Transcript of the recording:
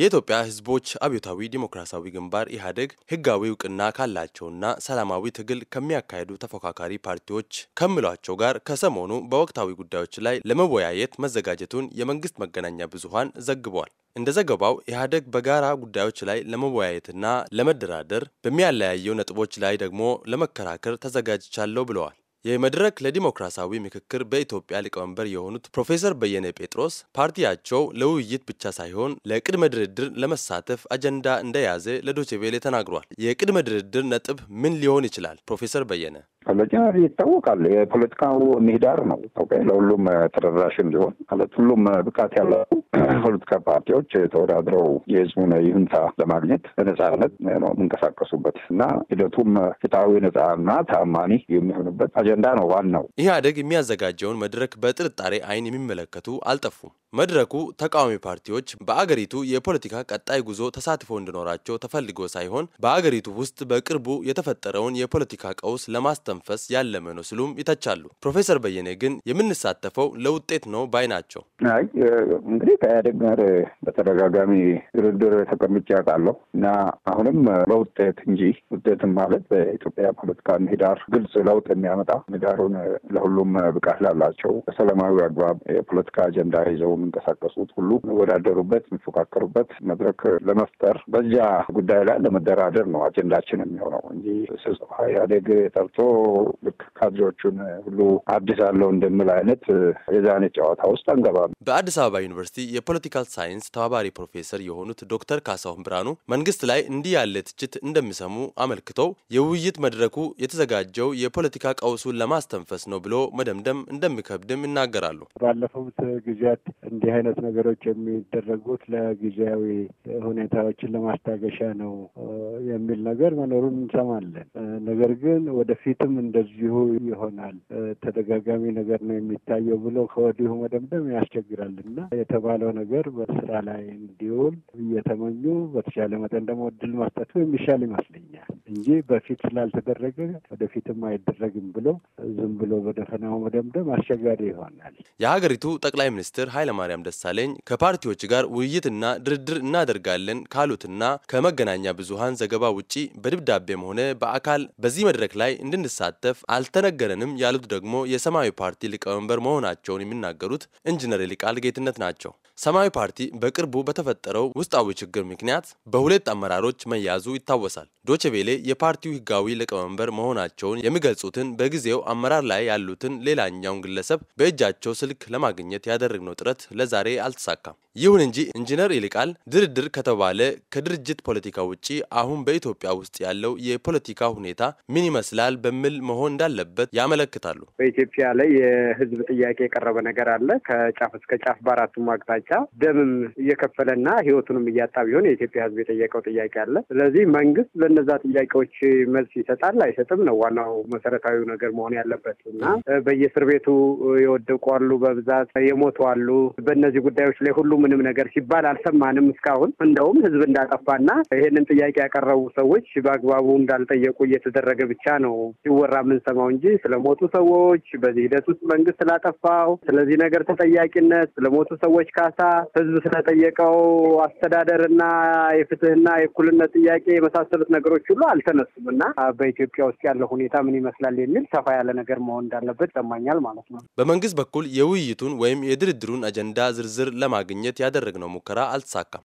የኢትዮጵያ ሕዝቦች አብዮታዊ ዲሞክራሲያዊ ግንባር ኢህአዴግ ህጋዊ እውቅና ካላቸውና ሰላማዊ ትግል ከሚያካሂዱ ተፎካካሪ ፓርቲዎች ከሚሏቸው ጋር ከሰሞኑ በወቅታዊ ጉዳዮች ላይ ለመወያየት መዘጋጀቱን የመንግስት መገናኛ ብዙኃን ዘግቧል። እንደ ዘገባው ኢህአዴግ በጋራ ጉዳዮች ላይ ለመወያየትና ለመደራደር፣ በሚያለያየው ነጥቦች ላይ ደግሞ ለመከራከር ተዘጋጅቻለሁ ብለዋል። የመድረክ ለዲሞክራሲያዊ ምክክር በኢትዮጵያ ሊቀመንበር የሆኑት ፕሮፌሰር በየነ ጴጥሮስ ፓርቲያቸው ለውይይት ብቻ ሳይሆን ለቅድመ ድርድር ለመሳተፍ አጀንዳ እንደያዘ ለዶቼ ቬለ ተናግሯል። የቅድመ ድርድር ነጥብ ምን ሊሆን ይችላል? ፕሮፌሰር በየነ መፈለጃ ይታወቃል። የፖለቲካው ምህዳር ነው ለሁሉም ተደራሽ እንዲሆን ማለት ሁሉም ብቃት ያለው ፖለቲካ ፓርቲዎች ተወዳድረው የህዝቡን ይሁንታ ለማግኘት በነጻነት ነው የሚንቀሳቀሱበት እና ሂደቱም ፍትሐዊ ነጻና ተአማኒ የሚሆንበት አጀንዳ ነው ዋናው። ኢህአዴግ የሚያዘጋጀውን መድረክ በጥርጣሬ አይን የሚመለከቱ አልጠፉም። መድረኩ ተቃዋሚ ፓርቲዎች በአገሪቱ የፖለቲካ ቀጣይ ጉዞ ተሳትፎ እንዲኖራቸው ተፈልጎ ሳይሆን በአገሪቱ ውስጥ በቅርቡ የተፈጠረውን የፖለቲካ ቀውስ ለማስተንፈ መንፈስ ያለመ ነው ሲሉም ይተቻሉ። ፕሮፌሰር በየኔ ግን የምንሳተፈው ለውጤት ነው ባይ ናቸው። አይ እንግዲህ ከኢህአዴግ ጋር በተደጋጋሚ ድርድር ተቀምጬ አውቃለሁ እና አሁንም ለውጤት እንጂ ውጤትን ማለት በኢትዮጵያ ፖለቲካ ምህዳር ግልጽ ለውጥ የሚያመጣ ምህዳሩን ለሁሉም ብቃት ላላቸው በሰላማዊ አግባብ የፖለቲካ አጀንዳ ይዘው የሚንቀሳቀሱት ሁሉ የሚወዳደሩበት የሚፎካከሩበት መድረክ ለመፍጠር በዚያ ጉዳይ ላይ ለመደራደር ነው አጀንዳችን የሚሆነው እንጂ ስብሰባ ኢህአዴግ ጠርቶ ልክ ካድሬዎቹን ሁሉ አዲስ አለው እንደምል አይነት የዛኔ ጨዋታ ውስጥ አንገባም። በአዲስ አበባ ዩኒቨርሲቲ የፖለቲካል ሳይንስ ተባባሪ ፕሮፌሰር የሆኑት ዶክተር ካሳሁን ብርሃኑ መንግስት ላይ እንዲህ ያለ ትችት እንደሚሰሙ አመልክተው የውይይት መድረኩ የተዘጋጀው የፖለቲካ ቀውሱን ለማስተንፈስ ነው ብሎ መደምደም እንደሚከብድም ይናገራሉ። ባለፉት ጊዜያት እንዲህ አይነት ነገሮች የሚደረጉት ለጊዜያዊ ሁኔታዎችን ለማስታገሻ ነው የሚል ነገር መኖሩን እንሰማለን። ነገር ግን ወደፊትም እንደዚሁ ይሆናል፣ ተደጋጋሚ ነገር ነው የሚታየው ብሎ ከወዲሁ መደምደም ያስቸግራል እና የተባለው ነገር በስራ ላይ እንዲውል እየተመኙ በተሻለ መጠን ደግሞ እድል መስጠቱ የሚሻል ይመስለኛል። እንጂ በፊት ስላልተደረገ ወደፊትም አይደረግም ብሎ ዝም ብሎ በደፈናው መደምደም አስቸጋሪ ይሆናል። የሀገሪቱ ጠቅላይ ሚኒስትር ኃይለማርያም ደሳለኝ ከፓርቲዎች ጋር ውይይትና ድርድር እናደርጋለን ካሉትና ከመገናኛ ብዙሃን ዘገባ ውጪ በደብዳቤም ሆነ በአካል በዚህ መድረክ ላይ እንድንሳተፍ አልተነገረንም ያሉት ደግሞ የሰማያዊ ፓርቲ ሊቀመንበር መሆናቸውን የሚናገሩት ኢንጂነር ይልቃል ጌትነት ናቸው። ሰማያዊ ፓርቲ በቅርቡ በተፈጠረው ውስጣዊ ችግር ምክንያት በሁለት አመራሮች መያዙ ይታወሳል። ዶችቬሌ የፓርቲው ህጋዊ ሊቀመንበር መሆናቸውን የሚገልጹትን በጊዜው አመራር ላይ ያሉትን ሌላኛውን ግለሰብ በእጃቸው ስልክ ለማግኘት ያደረግነው ጥረት ለዛሬ አልተሳካም። ይሁን እንጂ ኢንጂነር ይልቃል ድርድር ከተባለ ከድርጅት ፖለቲካ ውጪ አሁን በኢትዮጵያ ውስጥ ያለው የፖለቲካ ሁኔታ ምን ይመስላል በሚል መሆን እንዳለበት ያመለክታሉ። በኢትዮጵያ ላይ የህዝብ ጥያቄ የቀረበ ነገር አለ። ከጫፍ እስከ ጫፍ በአራቱም አቅጣጫ ደምም እየከፈለና ህይወቱንም እያጣ ቢሆን የኢትዮጵያ ህዝብ የጠየቀው ጥያቄ አለ። ስለዚህ መንግስት እነዛ ጥያቄዎች መልስ ይሰጣል አይሰጥም ነው ዋናው መሰረታዊ ነገር መሆን ያለበት እና በየእስር ቤቱ የወደቁ አሉ፣ በብዛት የሞቱ አሉ። በእነዚህ ጉዳዮች ላይ ሁሉ ምንም ነገር ሲባል አልሰማንም እስካሁን። እንደውም ህዝብ እንዳጠፋና ይህንን ጥያቄ ያቀረቡ ሰዎች በአግባቡ እንዳልጠየቁ እየተደረገ ብቻ ነው ሲወራ የምንሰማው እንጂ ስለሞቱ ሰዎች በዚህ ሂደት ውስጥ መንግስት ስላጠፋው ስለዚህ ነገር ተጠያቂነት፣ ስለሞቱ ሰዎች ካሳ፣ ህዝብ ስለጠየቀው አስተዳደርና የፍትህና የእኩልነት ጥያቄ የመሳሰሉት ነገሮች ነገሮች ሁሉ አልተነሱም እና በኢትዮጵያ ውስጥ ያለው ሁኔታ ምን ይመስላል የሚል ሰፋ ያለ ነገር መሆን እንዳለበት ይሰማኛል ማለት ነው። በመንግስት በኩል የውይይቱን ወይም የድርድሩን አጀንዳ ዝርዝር ለማግኘት ያደረግነው ሙከራ አልተሳካም።